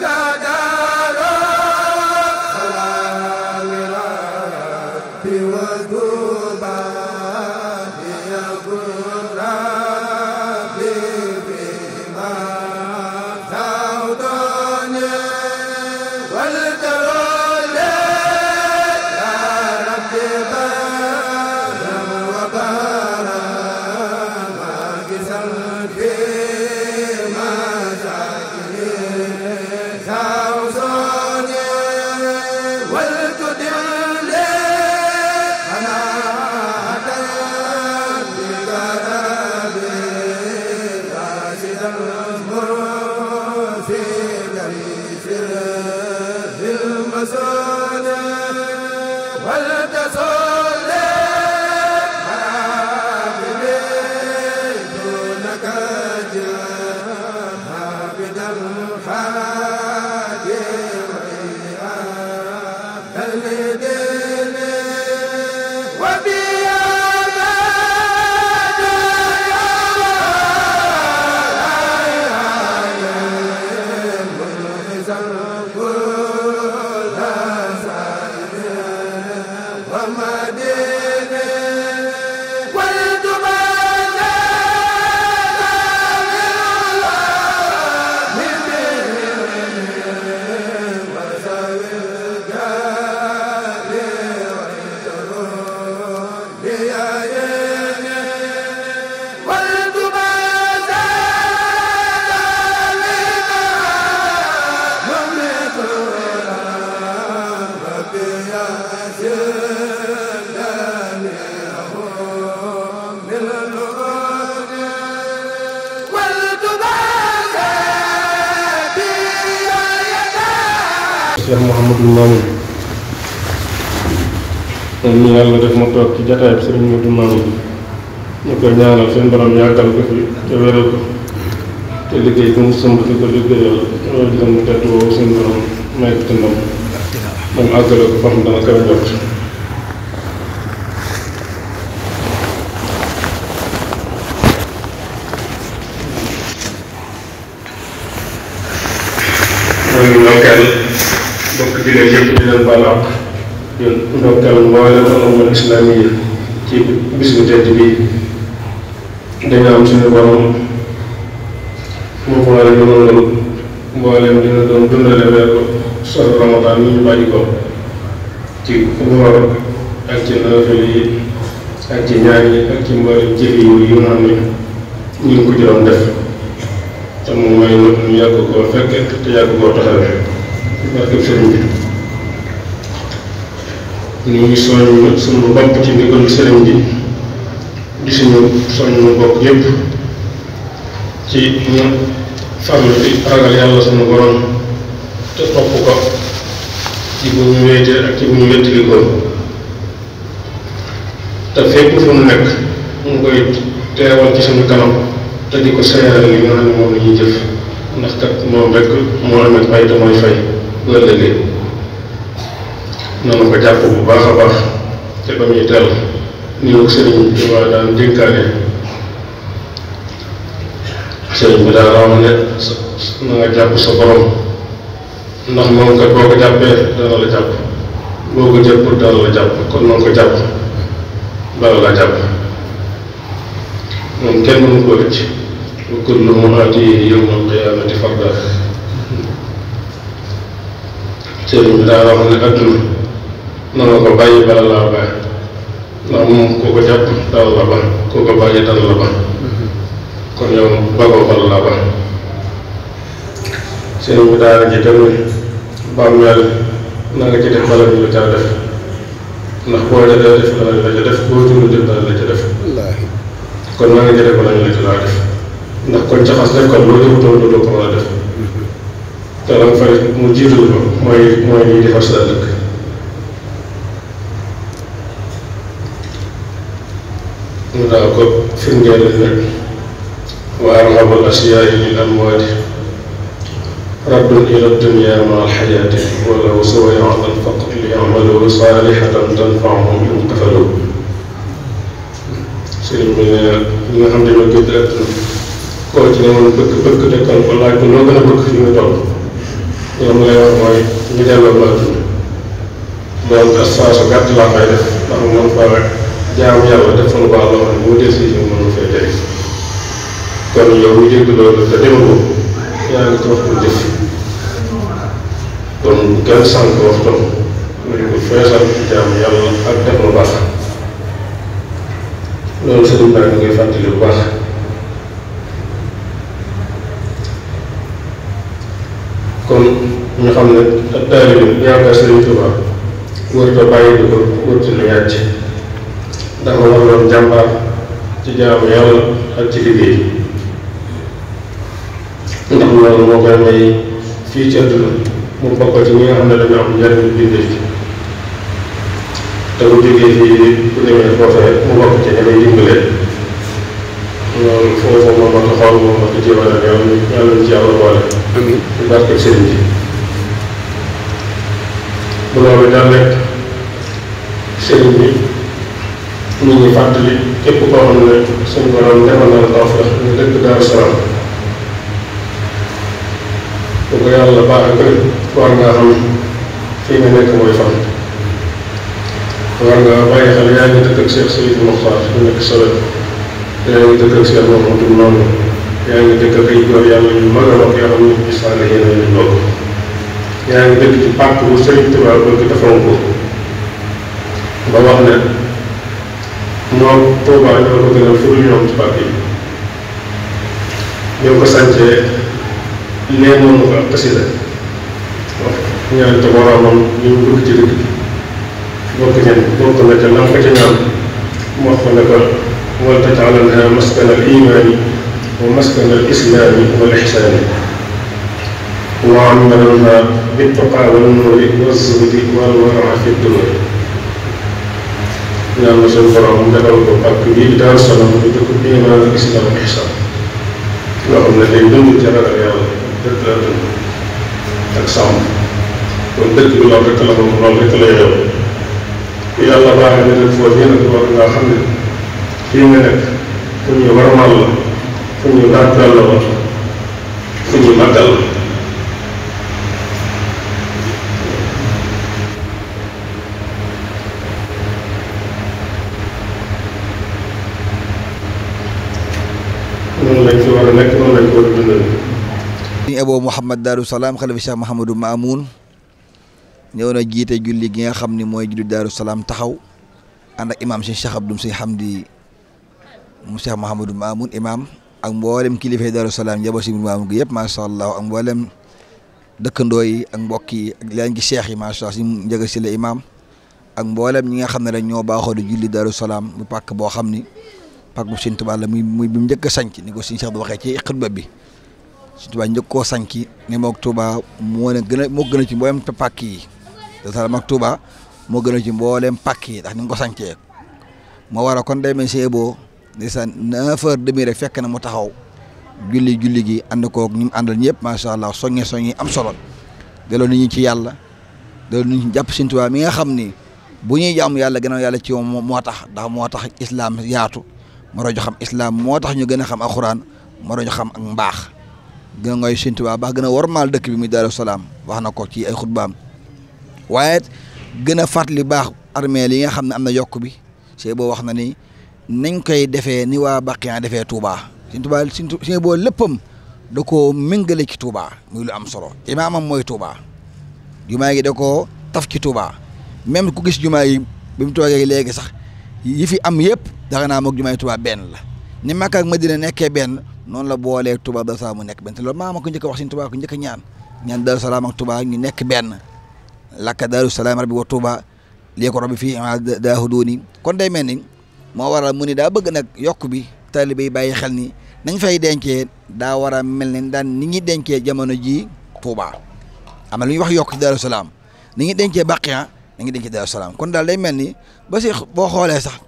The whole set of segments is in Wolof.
ka Muhammadin Cheikh Mouhamadou Mamoun moom yàlla def ma toog ci jataayam sëriñ Modou Mamoun ñu koy ñaanal seen borom yàggal ko fi te wéral ko te liggéey bu sumb di ko liggéeyal loolu itam mu te ndam moom àggale ko fa dana kawe jot loolu bi leen yëpp di leen baal àq ñun ndokkal euh, mboolem umma islamiya ci bis bu tedd bii dina am suñu borom mu boole ñu noonu mboolem dina doon dundale weer sol ramadan ñu bàyyi ko ci woor ak ci nawafil yi ak ci ñaan yi ak ci mboolem jëf yi yu nga xam ne ñu ngi ko jëloon def te mu may ñu yàgg koo fekke te yàgg koo taxawee barkeb sëriñ bi ñu ngi soññ suñu bopp ci ndigal sëriñ bi di suñu soññ bopp yépp ci ñu farlu ci yàlla suñu borom te topp ko ci bu ñu wéetee ci bu ñu wéttalikoo te fépp fu mu nekk mu koy teewal ci suñu kanam te di ko seeral li nga xam ne moom la ñuy jëf ndax kat moom rek moo amee ay damay fay bu ëllëgee noonu ko jàpp bu baax a baax te ba muy dell nii ko sëriñ bi waa daan dénkaane sëriñ bi daal wax ne na nga jàpp sa borom ndax moom kat boo ko jàppee dana la jàpp boo ko jàppul dana la jàpp kon noonu ko jàpp bala la jàpp moom kenn mënu ko rëcc wa kullu mu'aatiihi yawmal qiyaamati fardan sëriñ bi daa wax ne adduna na nga ko bala laa bàyyi ndax moom ko jàpp dal la ba ko bàyyi dal la ba kon yow bagoo bala laa ba sëriñ bi daara ji tamit bàmmeel na nga ci def bala ñu la caa def ndax boo defee def danañ la ca def boo tuuru def danañ la ca def kon na nga ci def bala ñu la ca laa def ndax kon caxas def kon loo jëf doon dootoo ko mën a def mm-hmm. te la nga fa mu jiitu ko mooy mooy defar sa dëkk mu daa ko firndeel rek wa arhabul asyaai lil amwaati raddun ila dunya ma alxayaati walaw sawayaatan faqat li amalu saalihatan tanfaahum in qafalu sëriñ bi ne ñi nga xam ne dañoo gëdd ak koo ci ne moom bëgg bëgg dëkkal ko laaj ko loo gën a bëgg fi nga toll ñoom lay wax mooy ñu delloo mën a dund loolu instant su gàtt laa koy def ndax moom fa rek jaamu yàlla def fa lu baax loo xam ne boo décision mënu fee tey kon yow mu dégg loolu te demoo yaa ngi ko wax pour jëf kon kenn sànq waxtam nañ ko feesal ci jaamu yàlla ak def lu baax loolu sëriñ baa ngi koy fàttali bu kon ñu xam ne ak taalibe bi yaakaar Sëriñ Tuubaa warut a bàyyi di ko warut a yàcc danga war doon jàmbaar ci jaamu yàlla ak ci liggéey ndax loolu moo koy may fii ci àdduna mu bokk ci ñi nga xam ne dañoo am njëriñ bindee fi te bu jógee fii bu demee foofee mu bokk ci ñeneen dimbalee loolu foofu moom moo ko xool moom moo ko jéemal ak yoon yàlla ñu ci yàlla boole. amiin ci barkeb sëriñ bi bu loolu daan rek sëriñ bi ñu ngi fàttali képp koo xam ne suñu borom defal na la tawfeex ñu dëkk Daaru Salaam bu ko yàlla baax ak war ngaa xam fii nga nekk mooy fan war ngaa bàyyi xel yaa ngi dëkk ak Cheikh Seydou Mokhtar ñu nekk Sowét. yaa ngi dëkk ak seen bopp du noonu yaa ngi dëkk ak ay góor yàlla yu mag a mag yoo xam ne gis naa ne yéen a ngi lool yaa ngi dëkk ci pàcc bu Sëriñ Tuubaa bëgg defoon ko ba wax ne moom Tuubaa ñoo ko gën a ful ñoom ci pàcc yi ñoo ko sàncee nee moom ko ak xasida wax ñaan te boromam ñu bëgg ci dëkk bokk ñen bokk na ca lan ko ci ñaan wax ko ne ko wal tajcalanha maskan al imaani wa maskan al islaami wal ixsaani wa ammalna bittuqaa wal nuuri wa zuhdi wal waraa fi dunya ñaan na suñu borom defal ko pàkk bii daal salaam bi dëkk imaan ak islaam ak ixsaan loo xam ne day dund ci ragal yàlla dëkk la dund ak sàmm kon dëkk bi loolu rek la moom loolu rek la yow yàlla baaxee na nag foofu yéen a ko war ngaa xam ne fii nga nekk fu ñu warmal la fu ñu màggal la fu ñu màggal la noonu lañ ci war a nekk noonu lañ ko war a dundal sëñ Abo Mouhamad Daaru Salaam xalifa Cheikh Mahamadou Maamoun ñëw na jiite julli gi nga xam ni mooy julli Daaru Salaam taxaw ànd ak imaam si Cheikh Abdoum si Hamdi mu Cheikh Mouhamadou Mamoun imam ak mboolem kilifay Darou Salaam njaboot si Mamoun gi yëpp macha allah ak mboolem dëkkandoo yi ak mbokk yi ak leen gi cheikh yi macha si njëga si la ak mboolem ñi nga xam ne dañ ñoo baaxoo di julli Darou Salaam bu pàkk boo xam ni pàkk bu Sëñ Tuubaa bi mu njëkk a sànc ni ko Sëñ Cheikh waxee ci xutba bi Sëñ Tuubaa njëkk koo sànc ne moog Tuubaa moo ne gën a moo gën a ci mboolem pàkk yi Darou Salaam ak Tuubaa moo gën a ci mboolem pàkk yi ndax ni nga ko sàncee moo waral kon day mel boo ndeysaan neuf heures demi rek fekk na mu taxaw julli julli gi ànd koog ñu mu àndal ñëpp macha allah soññe soññe am solo delloo nit ñi ci yàlla delloo nit ñi jàpp Sëñ Tuubaa mi nga xam ni bu ñuy jàmm yàlla gannaaw yàlla ci moom moo tax ndax moo tax islam yaatu maroo ñu xam islam moo tax ñu gën a xam alxuraan maroo ñu xam ak mbaax gën a ngoy Sëñ gën a warmaal dëkk bi muy Daaru Salaam wax na ko ci ay xutbaam waaye gën a fàttali baax armée li nga xam ne am na yokk bi sëñ boo wax na ni nañ koy defee ni waa Baqiya defee Touba Sëñ Touba Sëñ Sëñ boo léppam da koo méngale ci Touba muy lu am solo imaamam mooy Touba jumaa gi da koo taf ci Touba même ku gis jumaa yi bi mu toogee léegi sax yi fi am yëpp daxa naa moog jumaa yi Touba benn la ni Makka ak Madina nekke benn noonu la boolee Touba Darou Salaam mu nekk benn te loolu maa ma ko njëkk a wax Sëñ Touba ko njëkk ñaan ñaan Darou Salaam ak Touba ñu nekk benn lakka Darou Salaam rabbi wa Touba lii ko fii dooni kon day mel ni moo waral mu ni daa bëgg nag yokk bi taalibe yi bàyyi xel ni nañ fay dencee daa war a mel ne daan ni ñuy dencee jamono jii Touba am lu ñuy wax yokk ci Darou Salaam ni ñuy dencee Baqiya ni ñuy dencee Darou Salaam kon daal day mel ni ba si boo xoolee sax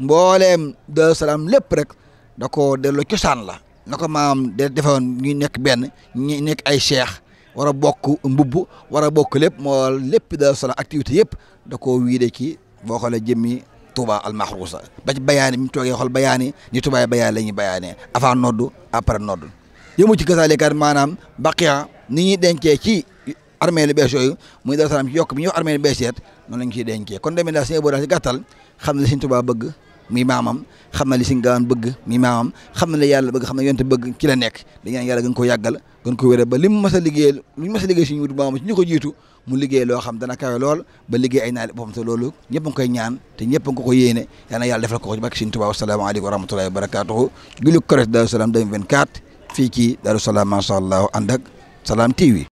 mbooleem Darou Salaam lépp rek da koo delloo cosaan la na ko maam de defoon ñu nekk benn ñu nekk ay cheikh wara bokk mbubb wara bokk lépp moo lépp Darou Salaam activité yëpp da wii wiide ci boo xoolee jëmmi Touba al Mahrousa ba ci bayaani bi mu toogee xool bayaani ni Touba bayaani la ñuy bayaanee avant noddu après noddu yëmu ci kasaalekat maanaam baqiya ni ñuy dencee ci armée lu bees yooyu muy dara ci yokk bi ñuy wax armée lu bees yeet noonu la ñu ciy dencee kon demee daal suñu boo daal si gàttal xam ne bëgg mi maamam xam na li si xam na la yàlla bëgg xam na yonte bëgg ci la nekk dañu naan yàlla gën ko yàggal gën ko wéral ba li mu a liggéey lu ñu mas a liggéey suñu wut maamam si ñu jiitu mu liggéey loo xam dana kawe lool ba liggéey ay naali boppam te loolu ñëpp a ngi koy ñaan te ñëpp ko yéene yal na yàlla defal ko ci barke Sëriñ Tuubaa wasalaamaaleykum wa rahmatulahi wa barakatuhu julli Korite fii ci Daaru Salaam macha allah ànd Salaam TV